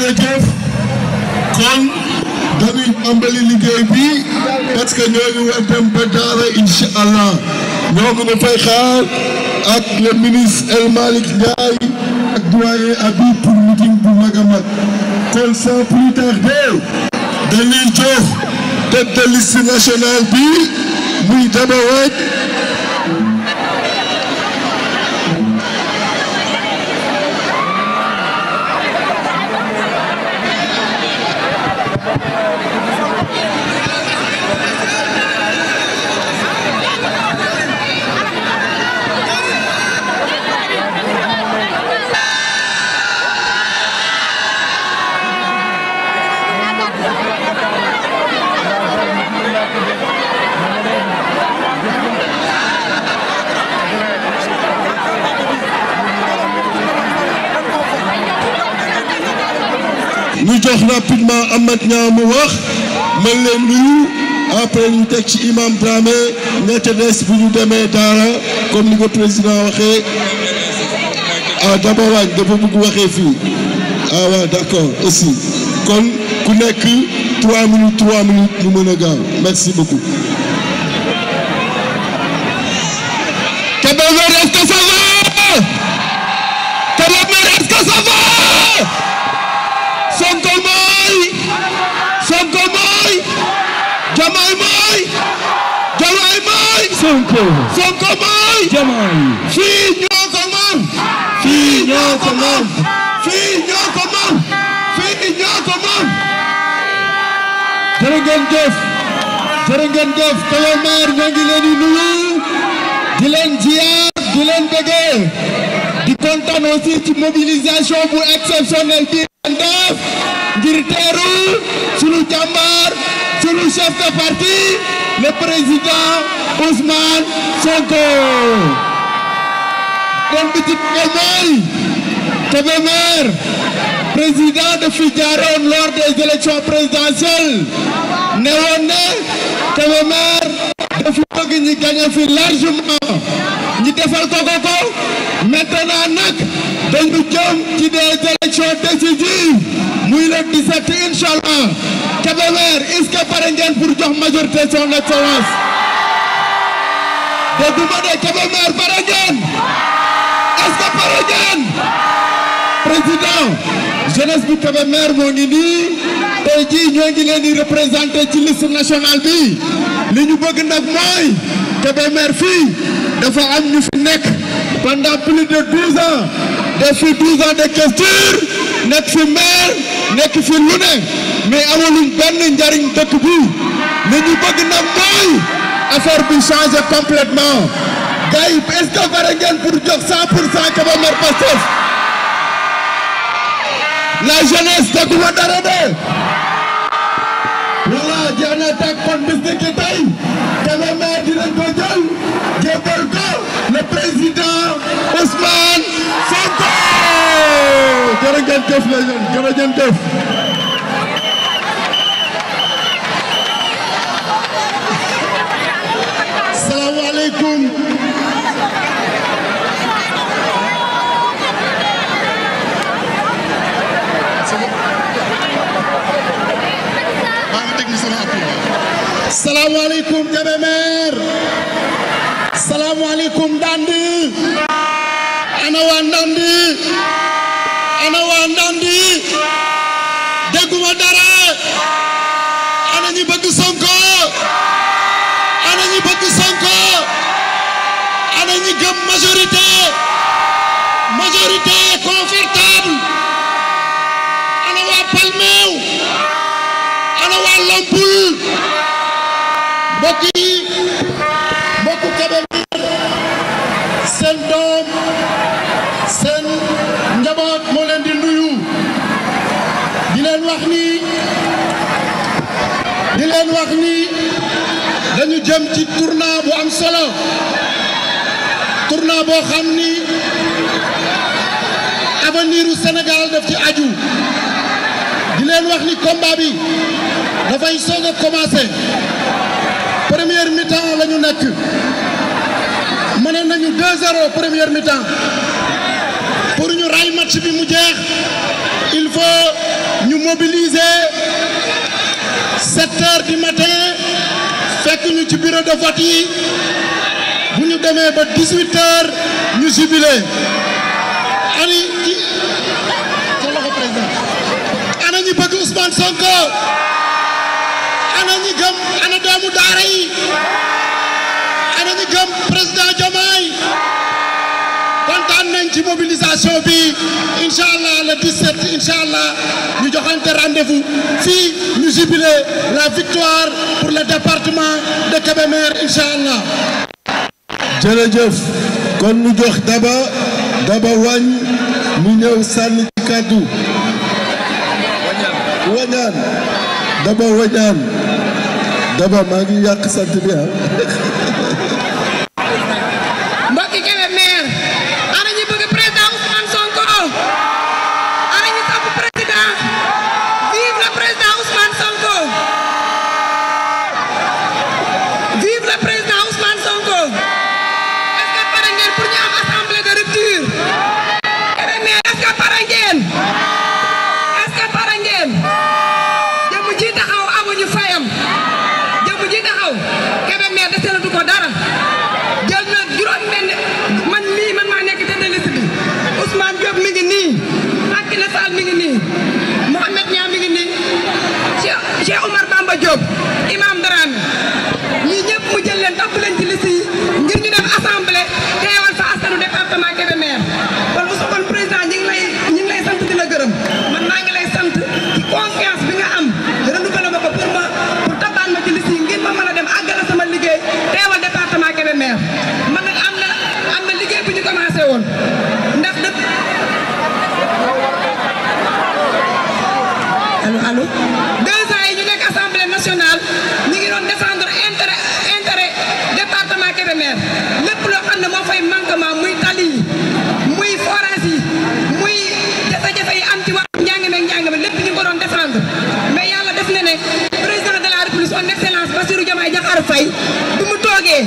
jërëjëf kon dañuy ambali liggéey bi parce que ñoo ngi war dem ba daara incha allah ñoo ngi ñu ak le ministre El Malick Ndiaye ak doyen Habib pour bu mag a mag kon sans plus tarder dañuy jox tête de liste bi muy Daba Wade jox rapidement Amath Niang mu wax ma leen nuyu après ñu teg ci imam Dramé ña des bu ñu demee daara comme ni ko président waxee ah dama waaj dafa bëgg waxee fii ah waaw aussi kon ku nekk 3 minutes 3 minutes merci beaucoup. Diomaye mooy. Diomaye mooy. Sonko. Sonko mooy. Diomaye. fii ñoo ko moom. fii ñoo ko moom. fii ñoo ko moom. fii ñoo ko moom. jërë ngeen jëf. jërë ngeen jëf Kébémer ñoo ngi leen di nuyu. di leen ziar di leen bëggee. di kontaan aussi ci mobilisation bu exceptionnelle bi ngeen def ngir teeru sunu jàmbaar. c'est le chef de parti, le président Ousmane Sonko. kon bitik ko président de Figaro lors des élections présidentielles ne woon ne Kébémer dafa bëgg ñi gagné fi largement ñi defal ko ko ko maintenant nag dañu jëm ci des élections décisives. muy le 17 incha allah Kébémer est-ce jox majorité son excellence dégguma de Kébémer pare ngeen est-ce que pare ngeen président jeunesse bu Kébémer moo ci liste nationale bi li ñu bëgg nag mooy Kébémer fii dafa am ñu fi nekk pendant plus de 12 ans fi 12 de culture nekk fi maire nekk fi lu ne mais amaluñ benn njariñ dëkk bi li ñu bëgg nag mooy affaire bi changé complètement gars yi est-ce que pare ngeen pour jox 100 pour cent Kébémer Pastef la jeunesse dëgg ma dara de jëf la leen jërëjëf. salaamaaleykum. salaamaaleykum Kébémer. salaamaaleykum Ndandi. ana waa Ndandi. ana waa di leen wax ni dañu jëm ci bu am solo tournant boo xam ni avenir u Sénégal daf aju di leen wax ni combat bi dafay soog a commencé première mi lañu la ñu nekk mënoon nañu 2-0 première mi-temps pour ñu ray match bi mu jeex il faut ñu mobiliser. sept heures du matin fekk ñu ci bureau de vote yi bu ñu demee ba dix huit heures ñu jubilé ani ci ci loxo président ana ñi bëgg Ousmane Sonko ana ñi gëm ana doomu daara ana ñi gëm président Diomaye kontaan nañ ci mobilisation bi incha allah le 17 incha allah. rendez la victoire pour le département de Kébémer incha allah. jërëjëf kon ñu jox daba daba wañ mu ñëw sànni ci kàddu wañaan daba wañaan daba maa ngi yàq sant bi ah. allo yi ñu nekk assemblée nationale ñu ngi doon défendre intérêt intérêt département Kébémer lépp loo xam ne moo fay manquement muy tali yi muy forage yi muy jafe-jafe yi am ci wàllu njàng meeg lépp ñu ko doon défendre mais yàlla def na ne président de la république son excellence Bassirou Diomaye Diakhar Faye bu mu toogee.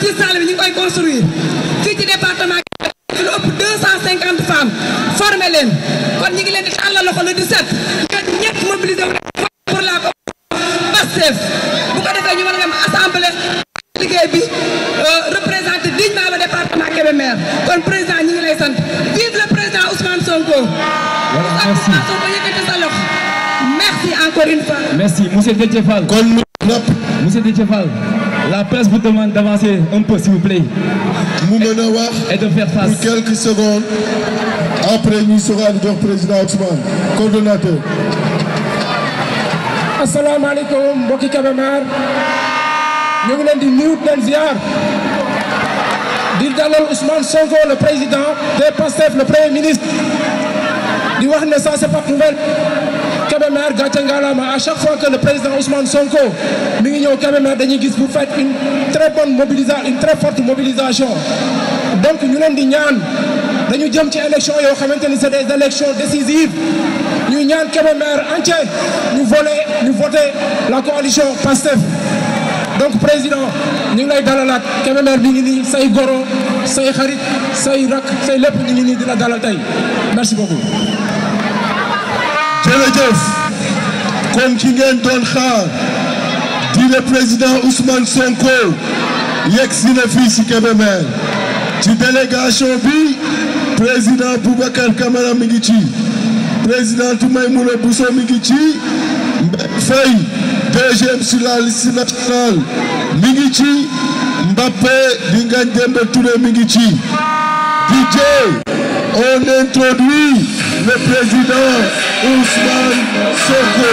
ci salle bi ñu koy construire fii ci département bi euh, kon président ñu ngi lay sant vive président Ousmane Sonko merci Sonko merci encore une fois merci monsieur Déthié Fall kon ñëpp monsieur Déthié Fall La presse vous demande d'avancer un peu s'il vous plaît. mu mën a wax. et de faire face pour quelques secondes. après ñu soxla di jox président Ousmane coordonnateur. asalaamaaleykum mbokki Kébémer ñu ngi leen di nuyu leen ziar di dalal Ousmane Sonko le président de PASTEF le premier ministre di wax ne ça c'est pas nouvelle. Kébémer gàcce ngalaama à chaque fois que le président Ousmane Sonko mi ngi ñëw Kébémer dañuy gis vous faites une très bonne mobilisation une très forte mobilisation donc ñu leen di ñaan dañu jëm ci élection yoo xamante ni c'est des élections décisives ñu ñaan Kébémer entier ñu voler ñu voter la coalition PASTEF donc président ñu ngi lay dalalaat Kébémer bi ngi nii say goro say xarit say rak say lépp ñu ngi nii di la dalal tey merci beaucoup jërëjëf kon ki ngeen doon xaar di le président Ousmane Sonko yegg si na fii si Kébémer ci délégation bi président Boubacar Camara mi ngi ci présidente Maïmouna Bousso mi ngi ci Mbaye deuxième sur la liste nationale mi ngi ci Mbappé di Ngagne Demba Touré mi ngi ci on introduit le président Ousmane Sonko.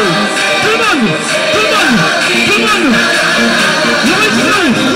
Tout le monde,